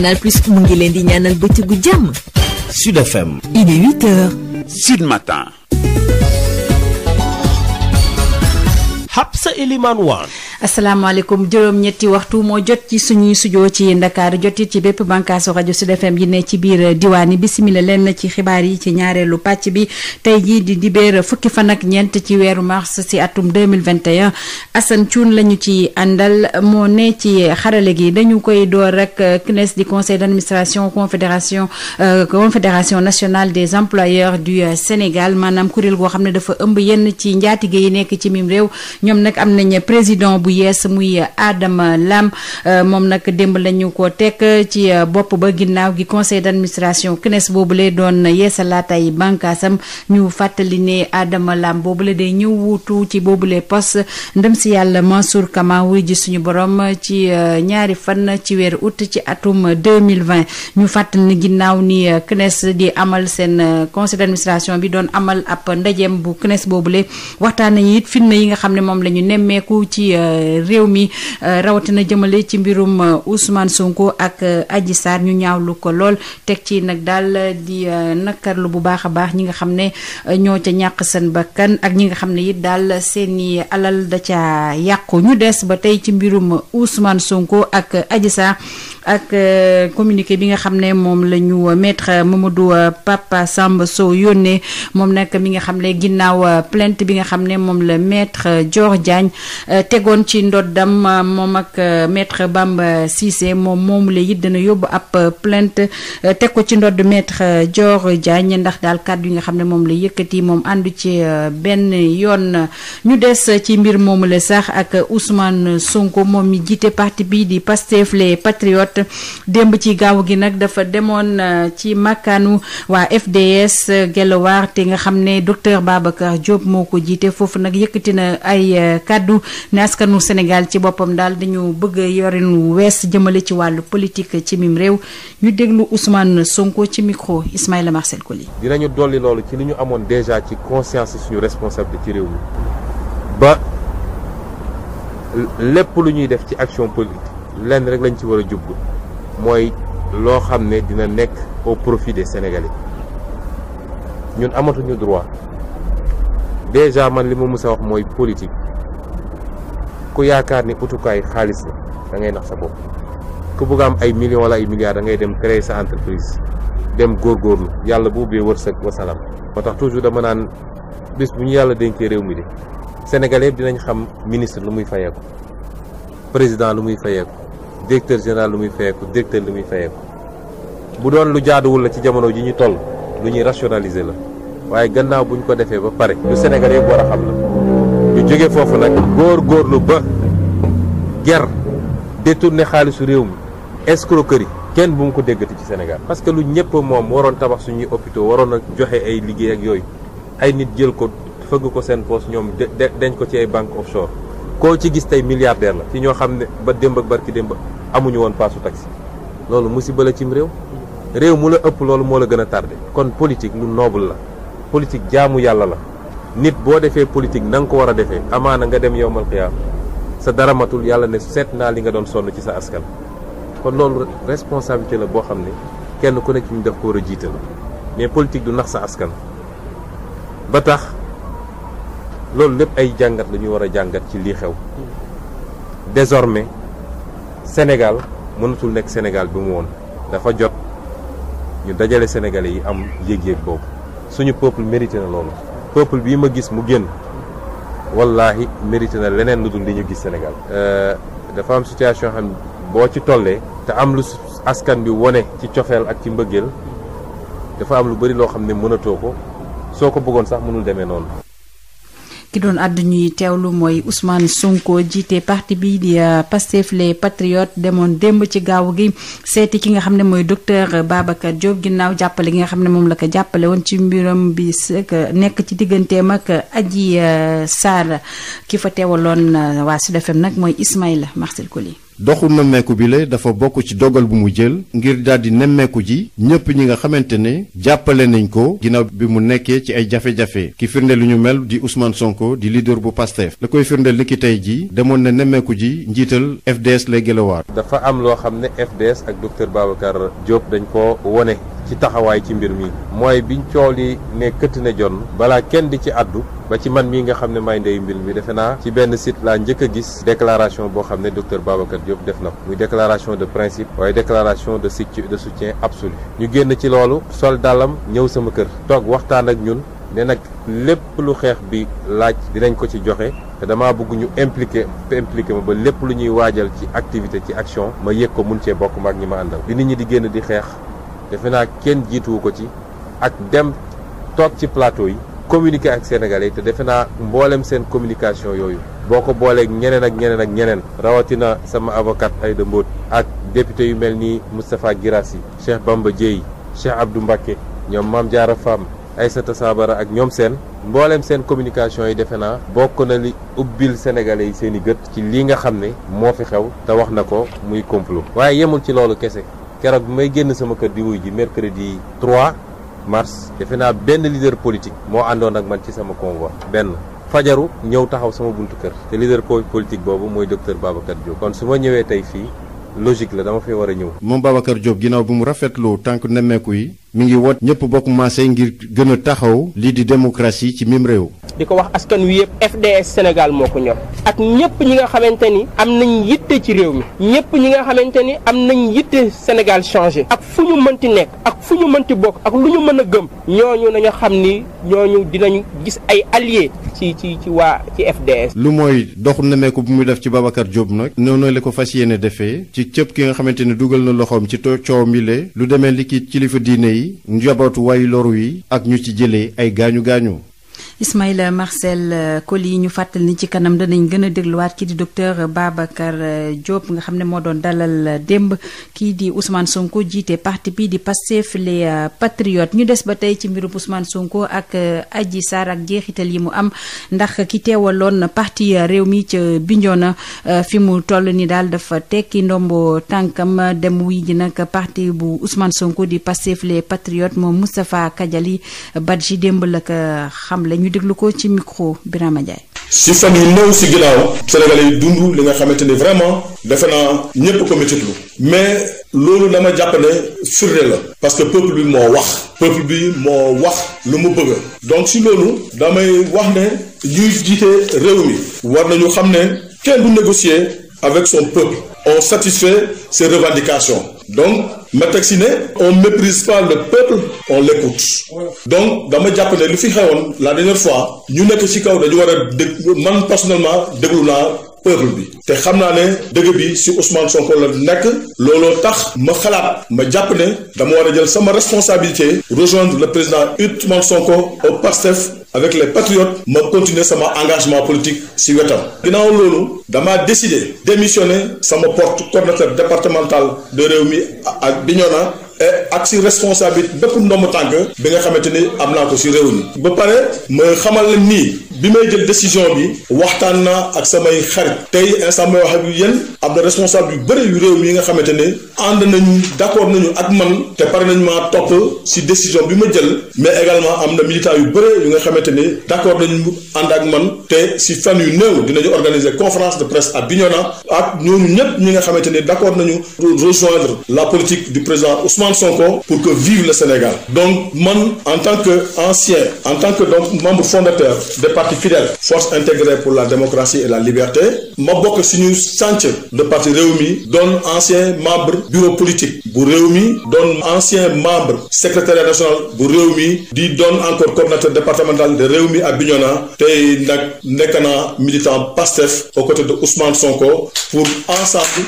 Canal Plus mu ngi di ñaanal bëccëgu jàmm. Sud FM. il est 8 heures. asalaamaaleykum juróom-ñetti waxtu moo jot ci suñuy sujoo ci ndakaaru jot it ci bépp bànkaasu rajo Sud yi ne ci biir diwaan yi bisimila leen ci xibaar yi ci ñaareelu pàcc bi tey jii di dibéer fukki fan ak ñeent ci weeru mars si atum 2021 Assane Thioune lañu ci àndal moo ne ci xarale gi dañu koy door rek CNES di conseil d'administration confédération euh, confédération nationale des employeurs du Sénégal maanaam kuréel goo xam ne dafa ëmb yenn ci njaatige yi nekk ci mim réew ñoom nag am nañ président bu yees muy Adama Lam euh, moom nag démb la ñu ko teg ci euh, bopp ba ginnaaw gi conseil d' administration boobu lee doon yeesalaat ay bànkaasam ñu fàttali ne Adama Lam boobule day ñëw wuutu ci boobule poste ndem si yàlla Mansour Kama wuy ji suñu borom ci euh, ñaari fan ci weeru août ci atum 2020 ñu fàttali ne ginnaaw ni CNES di amal seen conseil d' administration bi doon amal ab ndajeem bu CNES boobule waxtaan nañu it yi nga xam ne moom la nemmeeku ci. réew mi euh, rawatina jëmale ci mbirum euh, Ousmane Sonko ak euh, ajisaar ñu ñaawlu ko lool teg ci nag daal di nakarlu bu baax a baax ñi nga xam ne ñoo ca ñàq seen bakkan ak ñi nga xam ne it daal seeni alal da ca yàqu ñu des ba tey ci mbirum Ousmane Sonko ak Adji ak euh, communiqué bi nga xam ne moom la ñu euh, maître euh, Mamadou Papa Samba Sow yónnee moom nag mi nga xam ne ginnaaw plainte bi nga xam ne moom la maître Dior Diagne tegoon ci ndoddam moom ak maître Bamba Cissé moom moomu la dana yóbbu ab plainte teg ko ci ndodd maître Dior Diagne ndax daal kàddu yi nga xam ne moom la yëkkati moom àndu ci benn yoon ñu des ci mbir moomu la sax ak Ousmane Sonko moom mi jiite parti bi di Pastef les Patriotes démb ci gaaw gi nag dafa demoon euh, ci makkaanu waa FDS euh, Guelwaar te nga xam ne docteur Babacar Diop moo ko jiite foofu nag yëkkati na ay euh, kàddu ne askanu ci boppam daal dañu bëgg yorinu wees jëmale ci wàllu politique ci mim réew ñu déglu Ousmane Sonko ci micro Ismaïla Marcel Koli. dinañu dolli loolu ci li ñu amoon déjà ci conscience suñu responsabilité ci réew mi ba lépp lu ñuy def ci action politique lenn rek lañ ci war a jublu. mooy loo xam ne dina nekk au profit des ñun amatuñu droit déjà man li ma mës wax mooy politique ku yaakaar ni utukaay xaalis la da ngay nax sa bopp ku bëgg am ay millions wala ay milliards da ngay dem créer sa entreprise dem góorgóorlu yàlla bu ubbee wërsëg wasalaam moo tax toujours dama naan bis bu ñu yàlla dénkee réew mi de Sénégalais dinañ xam ministre lu muy fayeeku président lu muy fayeeku directeur général lu muy fayeeku directeur lu muy fayeeku bu doon lu jaaduwul la ci jamono ji ñu toll lu ñuy rationaliser la waaye gannaaw buñ ko defee ba pare lu Sénégal yëpp war a xam la ñu jógee foofu nag góor góorlu ba ger détourné xaalisu réew mi escroquerie kenn bu mu ko déggati ci Sénégal parce que lu ñëpp moom waroon tabax suñuy hôpitaux waroon a joxe ay liggéey ak yooyu ay nit jël ko fëgg ko seen poos ñoom denc ko ci ay banque offshore koo ci gis tey milliardaire la ci ñoo xam ne ba démb ak barki démb amuñu woon paasu taxi loolu musiba la cim réew réew mu la ëpp loolu moo la gën a tardé kon politique lu noble la politique jaamu yàlla la nit boo defee politique na nga ko war a defee amaana nga dem yowmal xiyaam sa dara matul yàlla ne seet naa li nga doon sonn ci sa askan kon loolu responsabilité la boo xam ne kenn ku nekk ñu def ko war a jiital mais politique du nax sa askan ba tax loolu lépp ay jàngat la ñu war a jàngat ci lii xew désormais Sénégal mënatul nekk Sénégal bi mu woon dafa jot ñu dajale sénégalais yi am yëg-yëg boobu suñu peuple mérité na loolu peuple bii ma gis mu génn wallaahi mérité na leneen lu dul li ñu gis Sénégal euh, dafa am situation xam boo ci tollee te am lu askan bi wone ci cofeel ak ci mbëggeel dafa am lu bari loo xam ne mënatoo ko soo ko bëggoon sax mënul demee noonu ki doon àddu ñuy lu mooy Ousmane Sonko jiitee parti bi di euh, Pastef les Patriotes demoon démb ci gaaw gi seeti ki nga xam ne mooy docteur Babacar Diop ginnaaw jàppale gi nga xam ne moom la ko jàppale woon ci mbiram bi nekk ci digganteem ak Adji euh, Sarr ki fa teewaloon euh, waa Sud FM nag mooy Ismaïla Marcel Coly doxu nemmeeku bi la dafa bokk ci dogal bu mu jël ngir daldi nemmeeku ji ñépp ñi nga xamante ne jàppale nañ ko ginnaaw bi mu nekkee ci ay jafe-jafe ki firnde lu ñu mel di Ousmane Sonko di leader bu Pastef la koy firndeel ni tey ji demoon na nemmeeku ji njiital FDS lay gelawaat dafa am loo xam ne FDS ak docteur Babacar Diop dañ ko wone ci taxawaay ci mbir mi mooy biñ coow li ne këtt ne jonn balaa kenn di ci addu ba ci man mii nga xam ne may ndeyu mbir mi defe naa ci benn site laa njëkk a gis déclaration boo xam ne docteur Babacar Diop def na ko muy déclaration de principe waaye déclaration de de soutien absolu ñu génn ci loolu sol dalam ñëw sama kër toog waxtaan ak ñun ne nag lépp lu xeex bi laaj dinañ ko ci joxe te damaa bëgguñu ñu impliqué ma ba lépp lu ñuy waajal ci activité ci action ma yëg ko mun cee bokk maag ñi ma àndal nit ñi di génn di xeex defe naa kenn jiituwu ko ci ak dem toog ci plateau yi communiquer ak sénégalais te defe naa mboolem seen communication yooyu boo ko boolee ñeneen ak ñeneen ak ñeneen rawatina sama avocat Aïda mboot ak député yu mel ni Moustapha Guirassi Cheikh Bamba Dièye Cheikh Abdou Mbacké ñoom Mame Diarra Fam Aïssata Sabara ak ñoom seen mbooleem seen communication yi defe naa bokk na li ubbil sénégalais yi seen i gët ci li nga xam ne moo fi xew te wax na ko muy complot waaye yemul ci loolu kese keroog bi may génn sama kër di wuy ji mercredi 3 mars defe naa benn leader politique moo àndoon ak man ci sama convoi benn fajaru ñëw taxaw sama buntu kër te po politique boobu mooy docteur Babacar Diop kon su ma ñëwee tey fii logique la dama fi war a ñëw. moom Babacar jóob ginnaaw bi mu rafetlu tànk nemmeeku yi. mi ngi wot ñëpp bokk maasee ngir gën taxaw lii di démocratie ci mim réew. di ko wax askan wi yëpp FDS Sénégal moo ko ñor ak ñëpp ñi nga xamante ni am nañ yitte ci réew mi ñëpp ñi nga xamante ni am nañ yitte Sénégal changé ak fu ñu mënti nekk ak fu ñu mënti bokk ak lu ñu mën a gëm ñooñu nañu xam ni ñooñu dinañu gis ay alliés ci ci ci waa ci FDS. lu mooy doxu nemeeku bu muy def ci Babacar Diop nag noonu la ko fas yéene defee ci cëpp ki nga xamante ni dugal na loxoom ci coow mi lu demee li ki kilifa diine yi yi njabootu way loru yi ak ñu ci jële ay gaañu gaañu Ismaïla Marcel euh, Coly ñu fàttali ni ci kanam danañ gën a dégluwaat ki di docteur Babacar euh, Diop nga xam ne moo doon dalal euh, démb kii di Ousmane Sonko jiite parti bi di Pastef les Patriotes ñu des ba tey ci mbirum Ousmane Sonko ak Adji Sarr ak jeexital yi mu am ndax ki teewaloon parti réew mi ci ca na fi mu toll ni daal dafa tekki ndombo tànkam dem wi ji nag parti bu Ousmane Sonko di Pastef les Patriotes moom Moustapha Kadiali Badji démb la ko xamle ñu déglu ko ci micro Birama si fan yu néew si ginnaaw. Sénégalais yi dund li nga xamante ni vraiment. defe naa ñëpp ko métitlu mais loolu dama jàpp ne firnde la parce que peuple bi moo wax peuple bi moo wax lu mu bëgg donc si loolu damay wax ne ñuy jiite réew mi war nañu xam ne kenn du négocier avec son peuple on satisfait ses revendications donc ma teg si ne on méprise pas le peuple on l'écoute donc dama jàpp ne lu fi xewoon la dernière fois ñu nekk ci kaw dañu war a dég man personnellement déglu naa peuple bi te xam naa ne dëgg bi si Ousmane Sonko la nekk looloo tax ma xalaat ma jàpp ne dama war a jël sama responsabilité rejoindre le président Ousmane Sonko au PASTEF avec les patriotes ma continuer sama engagement politique si wetam ginnaaw loolu damaa décidé démissionner sama porte coordonnateur départemental de réew Rewmi ak bi ñoo Bignona Eh, ak si responsabilité bépp ndomb tànk bi nga xamante ni am naa ko si réew mi ba pare ma xamal la nii bi may jël décision bi waxtaan naa ak samay xarit tey instant may wax ak yéen am na responsable yu bëri yu réew mi nga xamante ne ànd nañu d'accord nañu ak man te pare nañu maa topp si décision bi ma jël mais également am na militants yu bëri yu nga xamante ne d'accord nañu ànd ak man te si fan yu néew dinañu organiser conférence de presse à Bignona ak ñooñu ñëpp ñi nga xamante ne d'accord nañu rejoindre la politique du président Ousmane Ousmane Sonko pour que vive le Sénégal donc man en tant que ancien en tant que donc membre fondateur des partis fidèles force intégrée pour la démocratie et la liberté ma bokk suñu sànc de parti Rewmi doon ancien membre bureau politique bu Rewmi doon ancien membre secrétaire national bu Rewmi di doon encore coordinateur départemental de Rewmi à Bignona tey nag nekk naa militant PASTEF aux côtés de Ousmane Sonko pour ensemble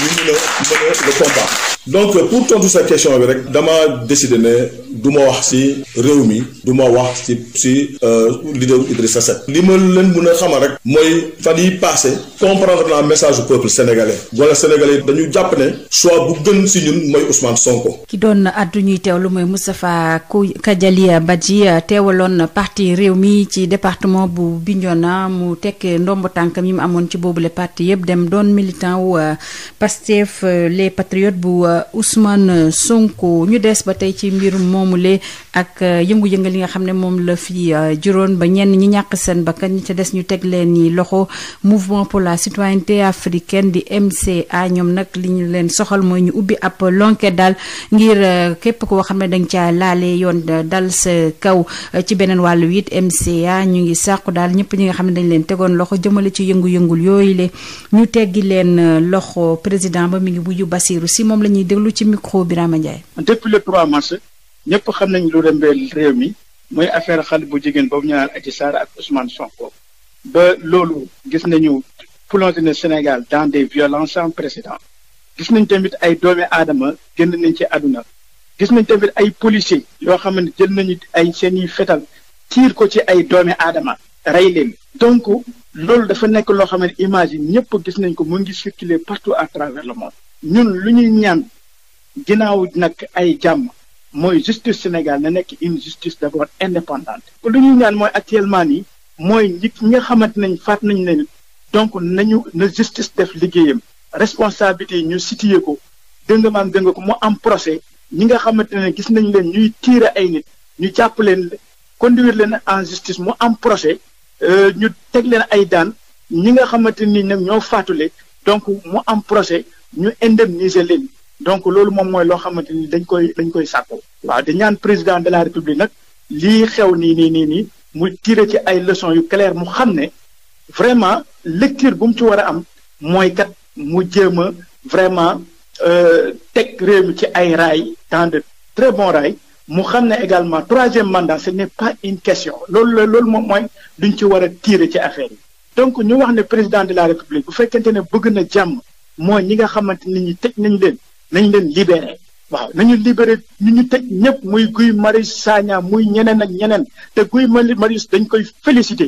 ñu mën a mener le combat donc pour tontu sa question émission bi rek dama décidé ne du wax si réew mi du ma wax si si euh, leader Idrissa Seck li ma leen mën a xamal rek mooy fan yi passé comprendre naa message du peuple sénégalais wala sénégalais dañu jàpp ne soit bu gën si ñun mooy Ousmane Sonko. ki doon àddu ñuy teewlu mooy Moustapha Kadiali Badji teewaloon parti réew mi ci département bu Bignona mu tekk ndomb tànkam yi mu amoon ci boobule parti yëpp dem doon militant wu euh, Pastef euh, les patriotes bu Ousmane Sonko. Sonko ñu des ba tey ci mbir moomule ak euh, yëngu-yëngal yi nga xam ne moom la fi euh, juróon ba ñenn ñi ñàkk seen bakkan ñi ca des ñu teg leen ni loxo mouvement pour la citoyenneté africaine di MCA ñoom nag li ñu leen soxal mooy ñu ubbi ab lonket daal ngir euh, képp koo xam ne dañ ca laale yoon dal sa kaw ci beneen wàllu it MCA ñu ngi sàqu daal ñëpp ñu nga xam ne dañ leen tegoon loxo jëmale ci yëngu-yëngul yooyu le ñu teggi leen loxo président ba mi ngi wuyu Basirou si moom la déglu ci micro Birama Ndiaye. depuis le 3 mars ñëpp xam nañ lu rembeel réew mi mooy affaire xale bu jigéen boobu ñu naan Adji Sarr ak Ousmane Sonko ba loolu gis nañu plongé ne Sénégal dans des violences sans président gis nañ tamit ay doomi aadama génn nañ ci àdduna gis nañ tamit ay policiers yoo xam ne jël nañu ay seeni fetal tiir ko ci ay doomi aadama rey leen donc loolu dafa nekk loo xam ne image yi ñëpp gis nañ ko mu ngi circuler partout à travers le monde ñun lu ñuy ñaan ginnaaw nag ay jàmm mooy justice Sénégal na nekk une justice d'abord indépendante. lu ñuy ñaan mooy actuellement nii mooy nit ñi nga xamante nañ faat nañ leen donc nañu na justice def liggéeyam responsabilité yi ñu situé ko dëng maam dëng ko mu am procès ñi nga xamante ne gis nañ leen ñuy tiire ay nit ñu jàpp leen conduire leen en justice mu am procès euh, ñu teg leen ay daan ñi nga xamante ni nag ñoo faatule donc mu am procès ñu indemniser leen. donc loolu moom mooy loo xamante ni dañ koy dañ koy sàkku waaw di ñaan président de la république nag lii xew nii nii nii nii muy tiré ci ay leçons yu claires mu xam ne vraiment lecture bu mu ci war a am mooy kat mu jéem a vraiment euh, teg réew mi ci ay ray dans de très bons rails mu xam ne également troisième mandat ce n'est pas une question loolu la loolu moom mooy du ñu ci war a tiré ci affaire yi donc ñu wax ne président de la république bu fekkente ne bëgg na jàmm mooy ñi nga xamante nit ñi tëj nañ leen nañ leen libéré waaw nañu libéré ñu ñu tëj ñëpp muy Guy Marius Sagna muy ñeneen ak ñeneen te Guy Marius dañ koy félicité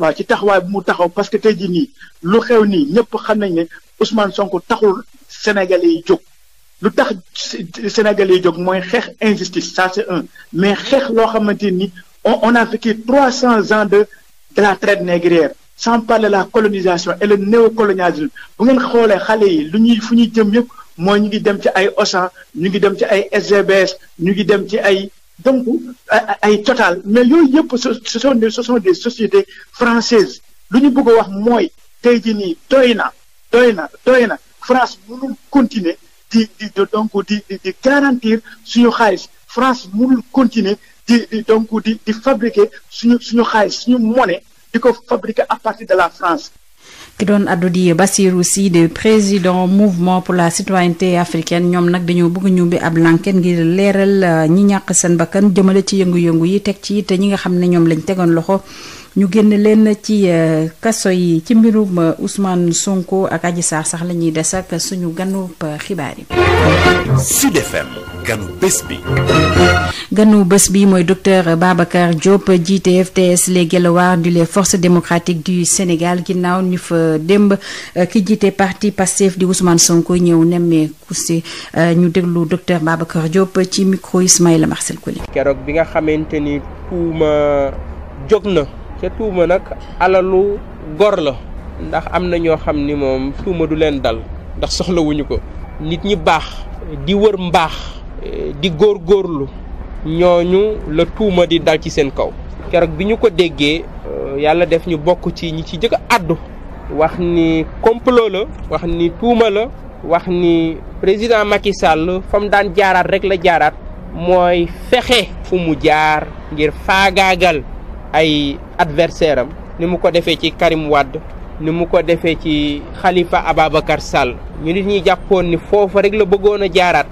waaw ci taxawaay bu mu taxaw parce que tey jii nii lu xew nii ñëpp xam nañ ne Ousmane Sonko taxul Sénégalais i jóg. lu tax Sénégalais yi jóg mooy xeex injustice ça c'est un mais xeex loo xamante ni on on vécu trois cents ans de de la traite négrière sans parler la colonisation et le néocolonialisme bu ngeen xoolee xale yi lu ñuy fu ñuy jëm yëpp. mooy ñu ngi dem ci ay Auchan ñu ngi dem ci ay SGBS ñu ngi dem ci ay donc ay Total mais yooyu yëpp ce sont des ce sont des sociétés françaises lu ñu bëgg a wax mooy tey jii nii doy na doy na doy na France mënul continuer di di donc di di garantir suñu xaalis France mënul continuer di di donc di di fabriquer suñu suñu xaalis suñu monnaie di ko fabriquer à partir de la France ki doon addu di Bassirou Sy président mouvement pour la citoyenneté africaine ñoom nag dañoo bëgg ñu bi ab lanket ngir leeral euh, ñi ñàkk seen bakkan jëmale ci yëngu-yëngu yi teg ci te ñi nga xam ne ñoom lañ tegoon loxo ñu génn leen ci euh, kaso yi ci mbirum euh, Ousmane Sonko ak aji Sarr sax lañuy ñuy des ak suñu ganub xibaar yi. ganu bés bi. ganu bés bi mooy docteur Babacar Diop jiite FTS les Guelwaars du les forces démocratiques du Sénégal ginnaaw ñu fa démb euh, ki jiite parti Pastef di Ousmane Sonko ñëw nemmeeku si euh, ñu déglu docteur Babacar Diop ci micro Ismaïla Marcel Koli. keroog bi nga xamante ni tuuma jóg na ca tuuma nag alalu gor la. ndax am na ñoo xam ni moom tuuma du leen dal ndax soxlawuñu ko nit ñi baax di wër mbaax di góor góorlu ñoo ñu la tuuma di dal ci seen kaw keroog bi ñu ko déggee euh, yàlla def ñu bokk ci ñi ci jëkk àddu wax ni complot la wax ni tuuma la wax ni président Macky Sall fa mu daan jaaraat rek la jaaraat mooy fexe fu mu jaar ngir faagaagal ay adversaire am ni mu ko defee ci Karim Wade ni mu ko defee ci xalifa Ababacar Sall ñu nit ñi jàppoon ni foofa rek la bëggoon a jaaraat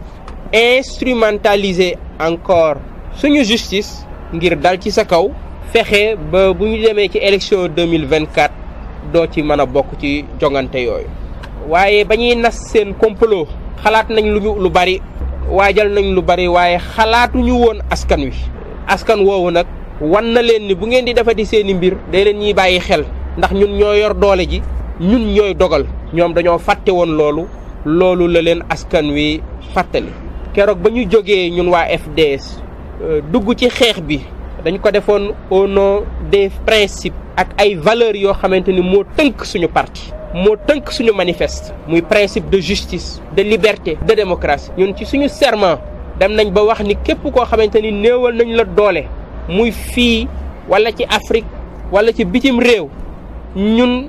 instrumentaliser encore suñu justice ngir dal ci sa kaw fexe ba bu ñu demee ci élection 2024 doo ci mën a bokk ci jongante yooyu waaye ba ñuy nas seen complot xalaat nañ lu lu bari waajal nañ lu bari waaye xalaatuñu woon askan wi askan woowu nag wan na leen ni bu ngeen di di seeni mbir de leen ñuy bàyyi xel ndax ñun ñoo yor doole ji ñun ñooy dogal ñoom dañoo fàtte woon loolu loolu la leen askan wi fàttali keroog ba ñu jógee ñun waa FDS euh, dugg ci xeex bi dañ ko defoon au nom des principes ak ay valeurs yoo xamante ni moo tënk suñu parti moo tënk suñu manifeste muy principe de justice de liberté de démocratie ñun ci suñu serment dem nañ ba wax ni képp koo xamante ni néewal nañ la doole muy fii wala ci Afrique wala ci bitim réew ñun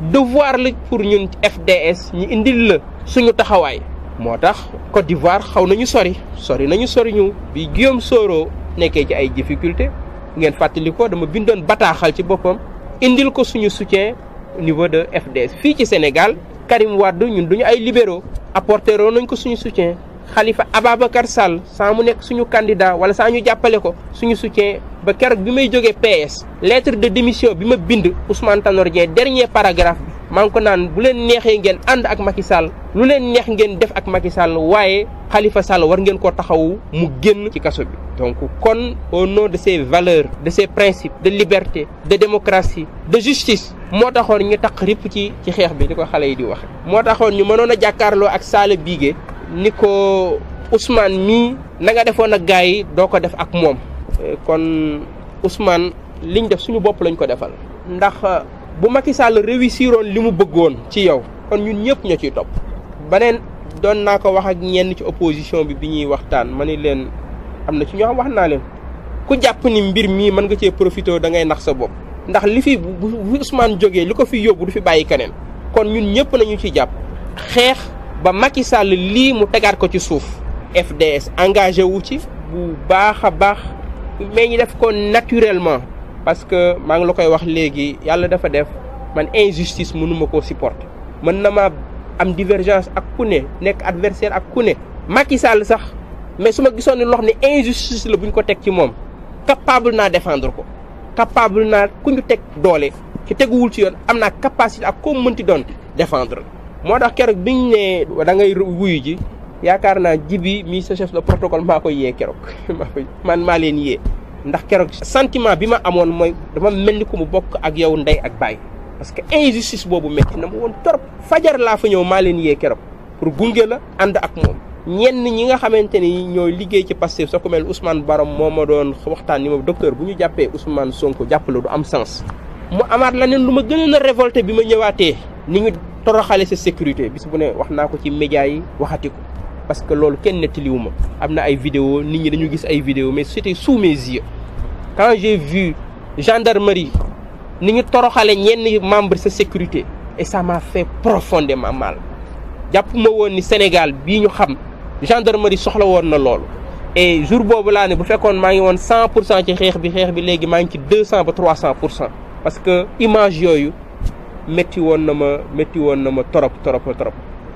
devoir la pour ñun FDS ñu indil la suñu taxawaay moo tax Côte d'Ivoire xaw nañu sori sori nañu sori ñu bi Guillaume Soro nekkee ci ay difficulté ngeen fàttali ko dama bindoon bataaxal ci boppam indil ko suñu soutien niveau de FDS fii ci Sénégal Karim Wade ñun duñu ay libéraux apporteroo nañ ko suñu soutien Khalifa Ababacar Sall saa mu nekk suñu candidat wala saa ñu jàppale ko suñu soutien ba keroog bi may jóge PS lettre de démission bi ma bind Ousmane Tanor Dieng dernier paragraphe maa ko naan bu leen neexee ngeen ànd ak Macky Sall lu leen neex ngeen def ak Macky Sall waaye xalifa Sall war ngeen koo taxawu mu génn ci kaso bi. donc kon au no de ces valeurs de ces principes de liberté de démocratie de justice moo taxoon ñu taq ripp ci ci xeex bi ni ko xale yi di wax. moo taxoon ñu mënoon a jàkkaarloo ak Sall Biége ni ko Ousmane mii nanga defoon ak gars yi doo ko def ak moom. Euh, kon Ousmane liñ def suñu bopp lañ ko defal ndax. bu Macky Sall réussiroon li mu bëggoon ci yow kon ñun ñëpp ñoo ciy topp. beneen doon naa ko wax ak ñenn ci opposition bi bi ñuy waxtaan ma ne leen am na ci ñoo wax naa leen ku jàpp ni mbir mii mën nga cee profité da ngay nax sa bopp. ndax li fi bu Ousmane jógee li ko fi yóbbu du fi bàyyi keneen kon ñun ñëpp nañu ci jàpp xeex ba Macky Sall lii mu tegaat ko ci suuf. FDS engagé wu ci bu baax a baax mais ngi def ko naturellement parce que maa ngi la koy wax léegi yàlla dafa def man injustice mënuma koo supporter mën na maa am divergence ak ku ne nekk adversaire ak ku ne Macky Sall sax mais su ma gisoon ne loo ni ne injustice la bu ñu ko teg ci moom capable naa défendre ko capable naa ku ñu teg doole ci teguwul ci yoon am naa capacité ak koo mënti doon defendre moo tax keroog bi ñu ne da ngay wuyu ji yaakaar naa jibi mi sa chef de protocole maa koy yee keroog maa maa leen yee ndax keroog santiment bi ma amoon mooy dama mel ni ko mu bokk ak yow ndey ak baay parce que injustice boobu metti na ma woon torop fajar laa fa ñëw maa leen yee keroog pour gunge la ànd ak moom ñenn ñi nga xamante ni ñooy liggéey ci Pastef soo ko mel Ousmane Barom moo ma doon waxtaan ni moo docteur bu ñu jàppee Ousmane Sonko jàppale du am sens. mu amaat leneen lu ma gënoon na révolté bi ma ñëwaatee ni ñu toroxale sa sécurité bi bis bu ne wax naa ko ci média yi waxati ko. parce que loolu kenn nettaliwuma am na ay video nit ñi dañu gis ay vidéo mais c'était sous mes yeux quand j'ai vu gendarmerie ni ñu toroxale ñenn membre sa sécurité et ça m'a fait profondément mal jàpp ma woon ni Sénégal bii ñu xam gendarmerie soxla woon na loolu et jour boobu laa ne bu fekkoon maa ngi woon cent pour cent ci xeex bi xeex bi léegi maa ngi ci deux cent ba trois cent pour cent parce que image yooyu métti woon na ma métti woon na ma torop torop torop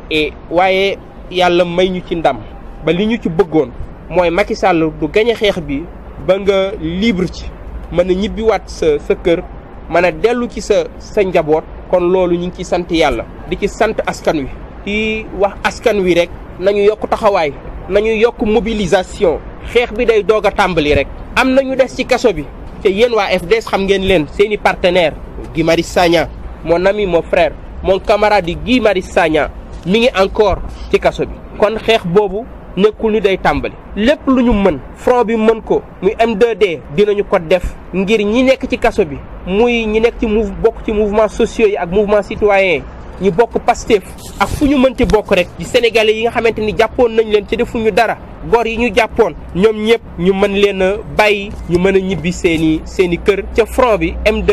et waaye yàlla may ñu ci ndam ba li ñu ci bëggoon mooy Macky Sall du gañe xeex bi ba nga libre ci mën a ñibbiwaat sa sa kër mën a dellu ci sa sa njaboot kon loolu ñu ngi ci sant yàlla di ci sant askan wi di wax askan wi rek nañu yokk taxawaay nañu yokk mobilisation xeex bi day doog a tàmbali rek am nañu des ci kaso bi te yéen waa FDS xam ngeen leen seen i partenaire Guy Marius Sagna mon ami mon frère mon camarade Guy Marius Sagna mi ngi encore ci kaso bi kon xeex boobu nekkul ni day tàmbali lépp lu ñu mën front bi mën ko muy M2D dinañu ko def ngir ñi nekk ci kaso bi muy ñi nekk ci mu bokk ci mouvement sociaux yi ak mouvement citoyen ñu bokk Pastef ak fu ñu mënti bokk rek ci sénégalais yi nga xamante ni jàppoon nañ leen ci defuñu dara gor yi ñu jàppoon ñoom ñëpp ñu mën leen a bàyyi ñu mën a ñibbi seeni seeni kër ca front bi md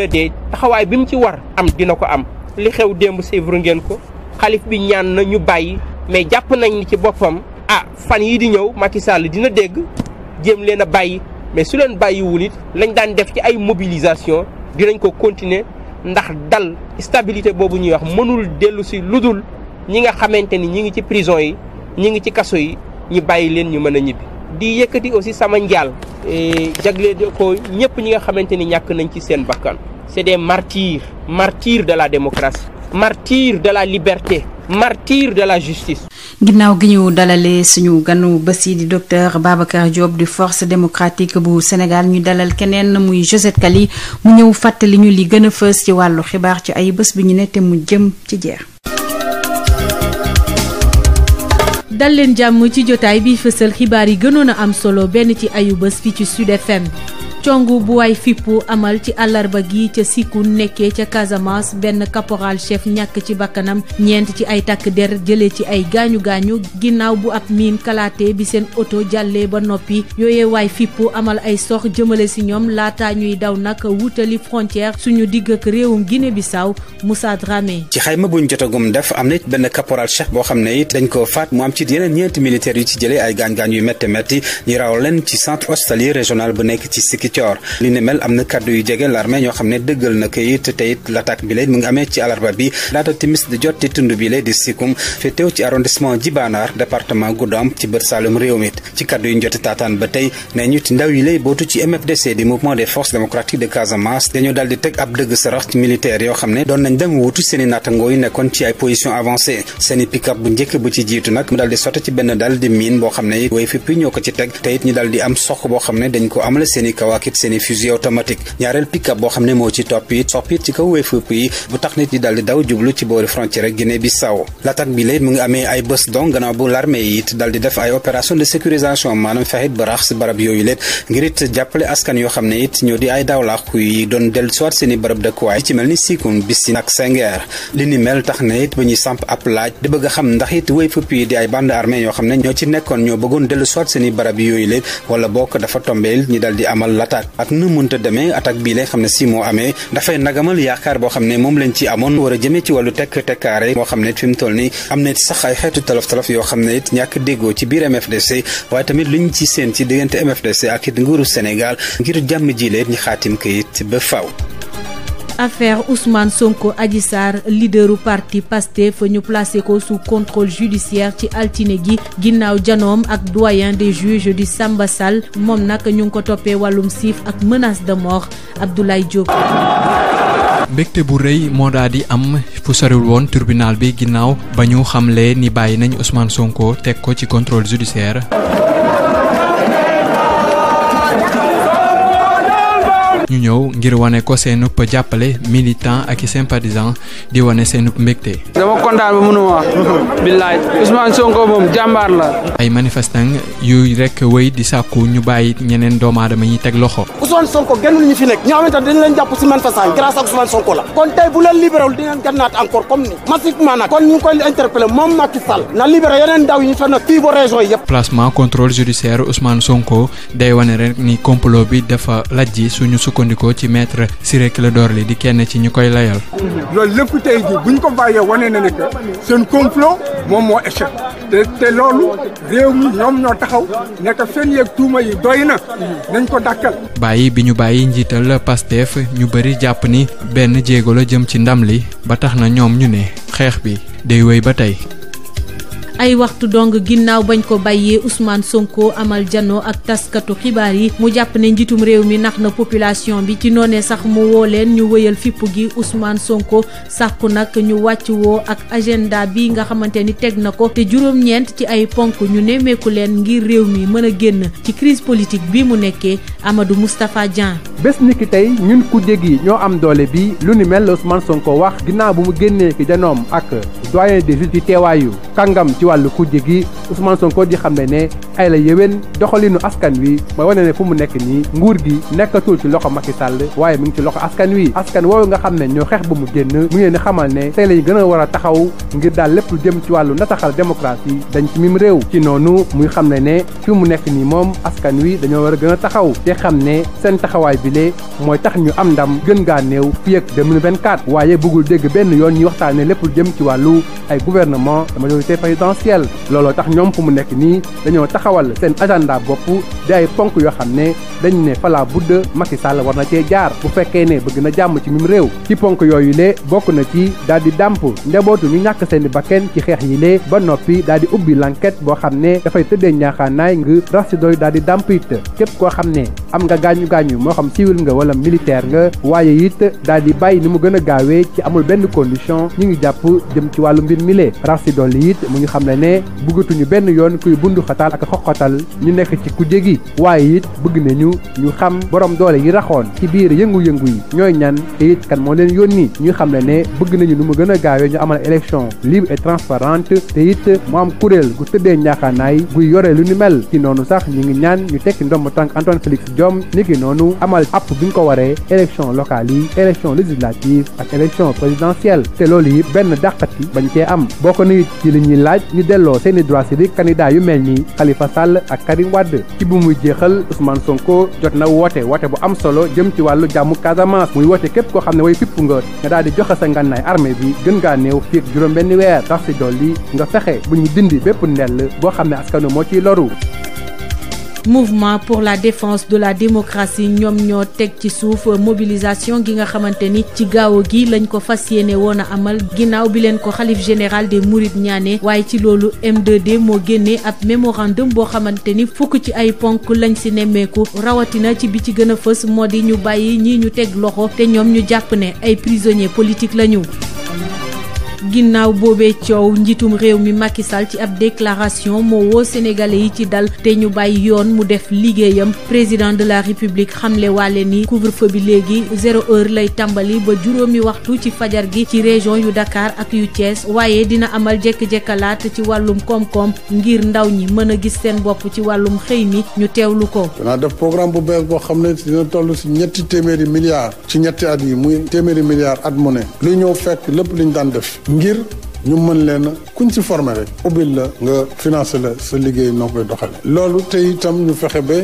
taxawaay bi mu ci war am dina ko am li xew démb suivre ngeen ko xalif bi ñaan na ñu bàyyi mais jàpp nañ ci boppam ah fan yii di ñëw Macky dina dégg jéem leen a bàyyi mais su leen bàyyiwul it lañ daan def ci ay mobilisation dinañ ko continuer ndax dal stabilité boobu ñuy wax mënul dellu si lu dul ñi nga xamante ni ñi ngi ci prison yi ñi ngi ci kaso yi ñu bàyyi leen ñu mën a ñibbi. di yëkkati aussi sama njaal e, jagle ko ñëpp ñi nga xamante ni ñàkk nañ ci seen bakkan c'est des martyrs martyrs de la démocratie martyr de la liberté ginnaaw gi ñu dalalee suñu ganu bés yi di docteur Babacar Diop di force démocratique bu Sénégal ñu dalal keneen muy Josette Kaly mu ñëw fàttali ñu li gën a fës ci wàllu xibaar ci ay bés bi ñu ne te mu jëm ci jeex. dal leen jàmm ci jotaay bi fësal xibaar yi gënoon a am solo benn ci ayu bés fii ci Sud FM. cong bu waay fippu amal ci àllarba gi ca Sikku nekkee ca Casamance benn caporal chef ñàkk ci bakkanam ñeent ci ay takk der jëlee ci ay gaañu gaañu ginnaaw bu ab miin kalaatee bi seen oto jàllee ba noppi yooye waay fippu amal ay sox jëmale si ñoom laata ñuy daw nag wutali frontière suñu digg ak réewum Guinée Bissau Moussa Dramé. ci xayma buñ jotagum def am na it benn caporal chef boo xam ne it dañ ko faat mu am ci yeneen ñeenti militaires yu ci jëlee ay gaañ gaañ yu métti métti ñu raw leen ci centre hospitalier bu nekk Sigicoor li ni mel am na kaddu yu jege l'armée ñoo xam ne dëggal na ko it te bi la mu ngi amee ci alarba bi laata timis di jot ci tund bi la di Sikum féetew ci arrondissement Djibanaar département Goudomp ci bët Saalum réew mi ci kaddu yu ñu joti ba tey ne ñu ci ndaw yi lay bootu ci MFDC di mouvement des forces démocratiques de Casamance dañoo daal di teg ab dëgg sarax ci militaires yoo xam ne doon nañ dem wutu seen i nattangoo nekkoon ne it way fipp ñoo ko ci teg te it ne dañ ak it seen i fusil automatique ñaareel pick ngir it jàppale askan yoo xam ne it ñoo di ay daaw laaxu yi doon dellu siwaat seen i barab dëkkuwaay ci mel ni Sikun Bisin ak Senghor li ni mel tax na it ba ñuy samp ab laaj di bëgg a xam ndax it wéefëpp yi di ay bande armée yoo xam ne ñoo ci nekkoon ñoo bëggoon dellu siwaat seen i barab yooyu lépp wala bokk dafa tombeel ñi dal di amal lat attaque ak na mënta demee attaque bii lay xam ne si moo amee dafay nagamal yaakaar boo xam ne moom lañ ci amoon war a jëmee ci wàllu tekk tekkaare moo xam ne fi mu toll nii am na sax ay xeetu talof-talof yoo xam ne it ñàkk déggoo ci biir MFDC waaye tamit liñ ci seen ci diggante MFDC ak it nguuru Sénégal ngir jàmm ji leet ñi xaatim kayit ba faw affaire Ousmane Sonko Adji Sarr leaderu parti Pastef ñu placé ko su contrôle judiciaire ci altine gi ginnaaw janoom ak doyen de juges di Samba Sall moom nag ñu ngi ko toppee wàllum siif ak menace de mort Abdoulaye Diop. mbégte bu rëy moo daa di am fu soriwul woon tribunal bi ginnaaw ba ñu xamle ni bàyyi nañu Ousmane Sonko teg ko ci control judiciaire ñu ñëw ngir wane ko seenub jàppale militant ak i sympathisant di wane seenub mbégte. dama kontaan ba mënuma wax. billaay Ousmane Sonko moom jàmbaar la. ay manifestants yu rek wéy di sàkku ñu bàyyi ñeneen doomu aadama yi teg loxo. Ousmane Sonko gënul ñu fi nekk. ñoo xamante ne leen jàpp si manifestant grâce ak Ousmane Sonko la. kon tey bu leen libéral dinañ gànnaat encore comme ni. massivement nag kon ñu koy interpellé moom Macky Sall. na libéré yeneen ndaw yi ñu fa nag sukkandikoo ci maître Ciré Clédor Ly di kenn ci ñu koy layal. seen complot moom moo échec te te loolu réew mi ñoom ñoo taxaw ne seen yeeg tuuma yi doy na nañ ko dàkkal. bàyyi bi ñu bàyyi njiital pasteef ñu bëri jàpp ni benn jéego la jëm ci ndam li ba tax na ñoom ñu ne xeex bi day wéy ba tey. ay waxtu dong ginnaaw bañ ko bàyyee Ousmane Sonko amal janoo ak taskatu xibaar yi mu jàpp ne njiitum réew mi nax na population bi ci noonee sax mu woo leen ñu wëyal fipp gi Ousmane Sonko sàkku nag ñu wàcc woo ak agenda bi nga xamante ni teg na ko te juróom-ñeent ci ay ponk ñu nemmeeku leen ngir réew mi mën a génn ci crise politique bi mu nekkee Amadou Moustapha Dieng. bés ni tey ñun ku jéggi ñoo am doole bi lu ni mel Ousmane Sonko wax ginnaaw bu mu génnee ki ak doyen wàllu kujje gi Ousmane Sonko di xam ne ne ay la yéwén doxalinu askan wi mooy wane ne fu mu nekk nii nguur gi nekkatul ci loxo Macky Sall waaye mu ngi ci loxo askan wi askan woowu nga xam ne ñoo xeex ba mu génn mu ngi leen xamal ne tey lañu gën a war a taxaw ngir daal lépp lu jëm ci wàllu nataxal démocratie dañ ci mim réew ci noonu muy xam ne ne fi mu nekk nii moom askan wi dañoo war a gën a taxaw te xam ne seen taxawaay bile mooy tax ñu am ndam gën gaa néew fii ak 2024 waaye bëggul dégg benn yoon ñuy waxtaane lépp lu jëm ci wàllu ay gouvernement de majorité ñoom fu mu nekk nii dañoo taxawal seen agenda bopp di ay ponk yoo xam ne dañu ne fala budd Macky Sall war na cee jaar bu fekkee ne bëgg na jàmm ci mim réew ci ponk yooyu le bokk na ci daal di dàmp njabootu ñu ñàkk seen bakken ci xeex yi le ba noppi daal di ubbi l'enquête boo xam ne dafay tëddee ñaaxaanaay ngir rax ci doy daal di dàmp it képp koo xam ne am nga gaañu-gaañu moo xam siwil nga wala militaire nga waaye it daal di bàyyi ni mu gën a gaawee ci amul benn condition ñu ngi jàpp jëm ci wàllu mbir mi benn yoon kuy bundu xataal ak xoqatal ñu nekk ci ku jégi waaye it bëgg nañu ñu xam borom doole yi raxoon ci biir yëngu-yëngu yi ñooy ñan te it kan moo leen yónni ñu xam ne ne bëgg nañu nu mu gën a gaawee ñu amal élection libre et transparente te it mu am kuréel gu tëddee ñaaxaanaay guy yore lu ni mel ci noonu sax ñu ngi ñaan ñu tekki ndomb tànk Antoine Félix Diome niki noonu amal app bi ñu ko waree élection locale yi élection législative ak élection présidentielle te loolu yi benn dàqati bañ cee am bokk na ñuy laaj ñu delloo seeni droit di candidat yu mel ni Khalifa sàll ak Karim Wade ci bu muy jeexal Ousmane Sonko jot na woote woote bu am solo jëm ci wàllu jàmmu Casamance muy woote képp koo xam ne way fipp nga nga daal di joxe sa ngànnaay armée bi gën ngaa néew fii ak juróom benn weer tax si dolli nga fexe bu ñu bind bépp ndell boo xam ne askanu moo ciy loru mouvement pour la défense de la démocratie ñoom ñoo teg ci suuf mobilisation gi nga xamante ni ci gaaw gi lañ ko fas yéene woon a amal ginnaaw bi leen ko xalif général de Mourides ñaane waaye ci loolu m d moo génnee ab mémorandum boo xamante ni fukk ci ay ponk lañ si nemmeeku rawatina ci bi ci gën a fës moo di ñu bàyyi ñii ñu teg loxo te ñoom ñu jàpp ne ay prisonniers politiques lañu. ginnaaw boobee coow njiitum réew mi Macky Sall ci ab déclaration moo woo sénégalais yi ci dal te ñu bàyyi yoon mu def liggéeyam président de la république xamle waale ni couvre-feu bi léegi zéro heure lay tàmbali ba juróomi waxtu ci fajar gi ci région yu Dakar ak yu Thiès waaye dina amal jekk-jekkalaat ci wàllum koom-koom ngir ndaw ñi mën a gis seen bopp ci wàllum xëy mi ñu teewlu ko. danaa def programme bu bees boo xam ne dina toll si ñetti téeméeri milliards ci ñetti at yi muy téeméeri milliards at mu ne. li ñëw fekk lépp liñ def. ngir ñu mën leen kuñ si formé rek ubbil la nga financé la sa liggéey noo koy doxale loolu te itam ñu fexe ba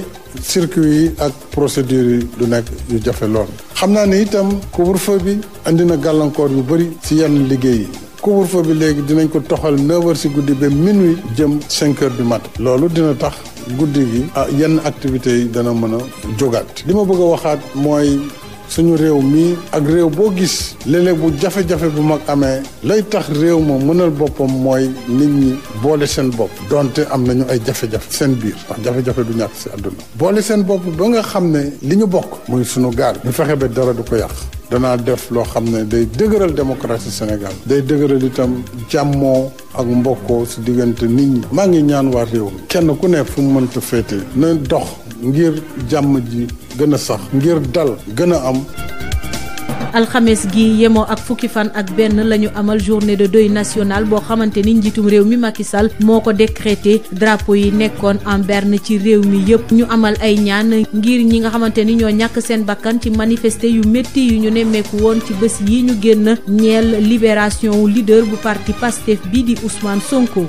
circuit yi ak procédure yi du nekk yu jafe lool xam naa ne itam couvre-feu bi andi na gàllankoor yu bëri ci yenn liggéey yi couvre-feu bi léegi dinañ ko toxal 9h ci guddi ba minuit jëm 5h mat loolu dina tax guddi gi ah yenn activités yi dana mën a jógaat li ma bëgg waxaat mooy suñu réew mii ak réew boo gis léeg bu jafe-jafe bu mag amee lay tax réew ma mënal boppam mooy nit ñi boole seen bopp donte am nañu ay jafe-jafe seen biir ndax jafe-jafe du ñàkk si àdduna boole seen bopp ba nga xam ne li ñu bokk muy sunu gaal ñu fexe ba dara du ko yàq danaa def loo xam ne day dëgëral démocratie Sénégal day dëgëral itam jàmmoo ak mbokkoo si diggante nit ñi maa ngi ñaan waa réew kenn ku ne fu mu mënta féete na dox ngir jàmm ji gën a sax ngir dal gën a am alxames gi yemoo ak fukki fan ak benn la ñu amal journée de deuil national boo xamante ni njiitum réew mi Macky Sall moo ko décrété drapo yi nekkoon en berne ci réew mi yëpp ñu amal ay ñaan ngir ñi nga xamante ni ñoo ñàkk seen bakkan ci manifester yu métti yu ñu nemmeeku woon ci bés yi ñu génn ñeel libération leader bu parti Pastef bi di Ousmane Sonko.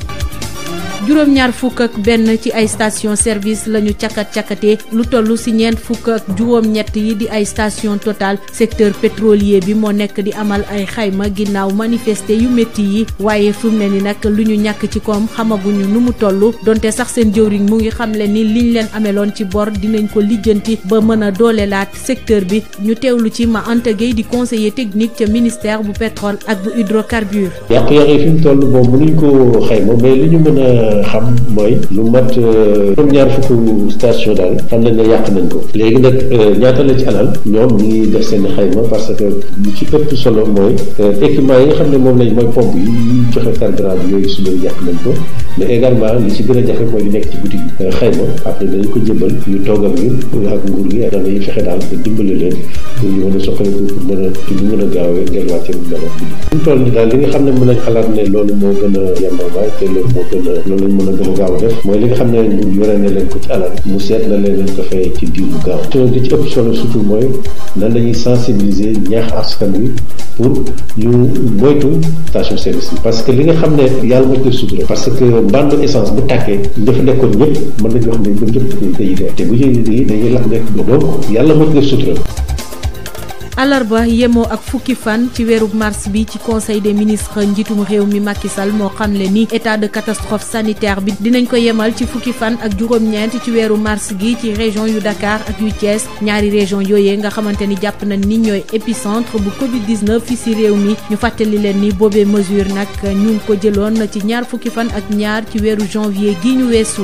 juróom-ñaar fukk ak benn ci ay station service la ñu càkkat càkkatee lu toll si ñeent fukk ak juróom-ñett yi di ay station Total secteur pétrolier bi moo nekk di amal ay xayma ginnaaw manifester yu métti yi waaye fu ne ni nag lu ñu ñàkk ci koom xamaguñu nu mu toll donte sax seen jëwriñ mu ngi xamle ni liñ leen ameloon ci bor dinañ ko lijjanti ba mën a doolelaat secteur bi ñu teewlu ci ma Anta Gueye di conseiller technique ca ministère bu pétrole ak bu hydrocarbure xam mooy lu mat euh, juróom-ñaar fukk station daal xam nañ ne yàq nañ ko léegi nag euh, ñaata la ci alal ñoom ñu ngi def seen xayma parce que li ci ëpp solo mooy euh, équipement yi nga xam ne moom lañ mooy pompe yi yi joxe su doon yàq nañ ko mais également li ci gën nekk ci boutique bi xayma ko jëbal ñu toogam ñu ak ñu fexe daal ba dimbale leen pour ñu a soqaleku ne mën nañ xalaat ne loolu moo gën a yemamaay te loolu moo gën a loolu lañ mën a gën def mooy li nga xam ne yore na leen ko ci alal mu seet na leen leen ko fay ci diir bu gaaw te li ci ëpp solo surtout mooy nan la ñuy ñaax askan wi pour ñu moytu station service bi parce que li nga xam ne yàlla mooy ko sutura parce que mbàndu essence bu tàkkee dafa nekkoon ñëpp mën nañu wax ne ñoom ñëpp dañuy dee te bu ñuy dañuy lakk nekk donc yàlla mooy ko sutura àllarba yemoo ak fukki fan ci weeru mars bi ci conseil des ministres njiitum réew mi Macky Sall moo xamle ni état de catastrophe sanitaire bi dinañ ko yemal ci fukki fan ak juróom-ñeent ci weeru mars gi ci région yu Dakar ak yu Thiès ñaari région yooyee nga xamante ni jàpp nañ ni ñooy épicentre bu Covid 19 fii si réew mi ñu fàttali leen ni boobee mesure nag ñu ko jëloon na ci ñaar fukki fan ak ñaar ci weeru janvier gi ñu weesu.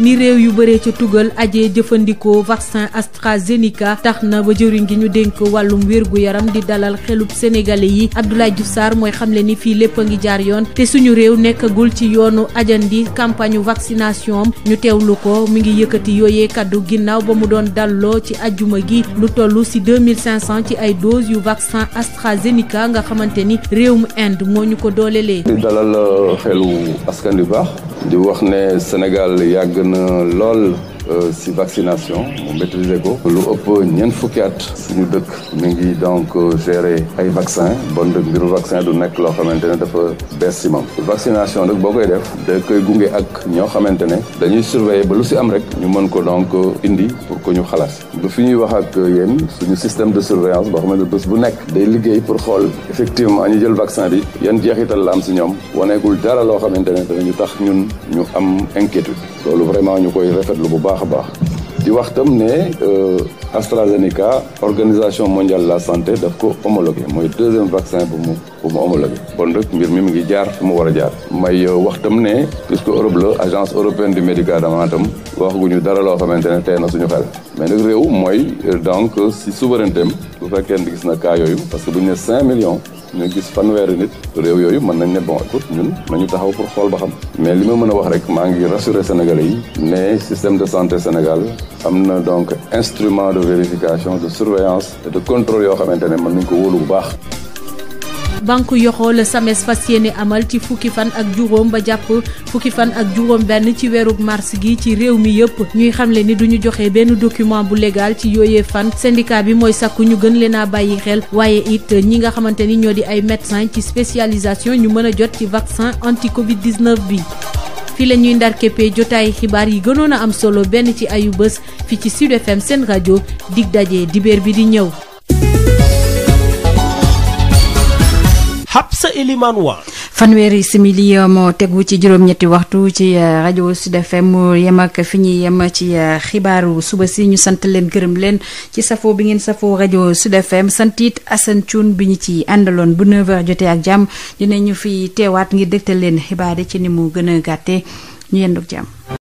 ni réew yu bëree ca tugal ajee jëfandikoo vaccin AstraZeneca tax na ba jëriñ gi ñu dénk wàllum wérgu yaram di dalal xelub sénégalais yi Abdoulaye Diouf Sarr mooy xamle ni fii lépp a ngi jaar yoon te suñu réew nekkagul ci yoonu ajandi campagne vaccination ñu teew lu ko mi ngi yëkkati yooyee kaddu ginnaaw ba mu doon dalloo ci ajjuma gi lu toll si 2500 ci ay doses yu vaccin AstraZeneca nga xamante ni réew mu Inde moo ñu ko doolelee. di dalal euh, xelu askan wi di wax ne Sénégal yàgg na lool Euh, si vaccination mu maîtriser ko lu ëpp ñeent fukki at suñu dëkk ñu ngi donc euh, gérer ay vaccin bon dëkk mbiru vaccin du nekk loo xamante ne dafa bees si moom vaccination nag boo koy def da koy gunge ak ñoo xamante ne dañuy surveiller ba lu si am rek ñu mën ko donc euh, indi pour que ñu xalaat du fi ñuy wax ak yéen suñu système de surveillance boo xamante bés bu nekk day liggéey pour xool effectivement ñu jël vaccin bi yan jeexital la am si ñoom waneegul dara loo xamante ne danañu tax ñun ñu am inquiétude loolu vraiment ñu koy rafetlu bu baax baax di wax tam ne euh, AstraZeneca organisation mondiale de la santé daf ko homologué mooy deuxième vaccin bu mu bu mu homologué bon rek mbir mi mi ngi jaar fi mu war a jaar may euh, wax tam ne puisque Europe la agence européenne du médicament tam waxaguñu dara loo xamante ne tey na suñu xel mais nag réew mooy euh, donc si souveraineté am bu fekkee gis na cas yooyu parce que bu ñu ne 5 millions ñu gis fanweeri nit réew yooyu mën nañ ne bon écoute ñun nañu taxaw pour xool xam mais li ma mën a wax rek maa ngi rassurer sénégalais yi mais système de santé Sénégal am na donc instrument de vérification de surveillance et de contrôle yoo xamante ne mën nañ ko wóolu bu baax banque yoxool SAMES fas yéene amal ci fukki fan ak juróom ba jàpp fukki fan ak juróom benn ci weeru mars gi ci réew mi yëpp ñuy xamle ni duñu joxe benn document bu légal ci yooyee fan syndicat bi mooy sakku ñu gën leen a bàyyi xel waaye it ñi nga xamante ni ñoo di ay médecin ci spécialisation ñu mën a jot ci vaccin anti Covid 19 bi. fii la ñuy ndar képpee jotaayu xibaar yi gënoon a am solo benn ci ayu bés fi ci Sud FM seen rajo dig daje dibéer bi di ñëw. sa Elimane Wa. fanweeri simili moo tegu ci juróom-ñetti waxtu ci euh, rajo Sud FM yem ak fi ñuy yem ci euh, xibaaru suba si ñu sant leen gërëm leen ci safoo bi ngeen safoo rajo Sud FM sant it bi ñu ci àndaloon bu 9 jotee ak jàmm dinañu fi teewaat ngir dégtal leen xibaar yi ci ni mu gën a gàttee ñu yendu ak jàmm.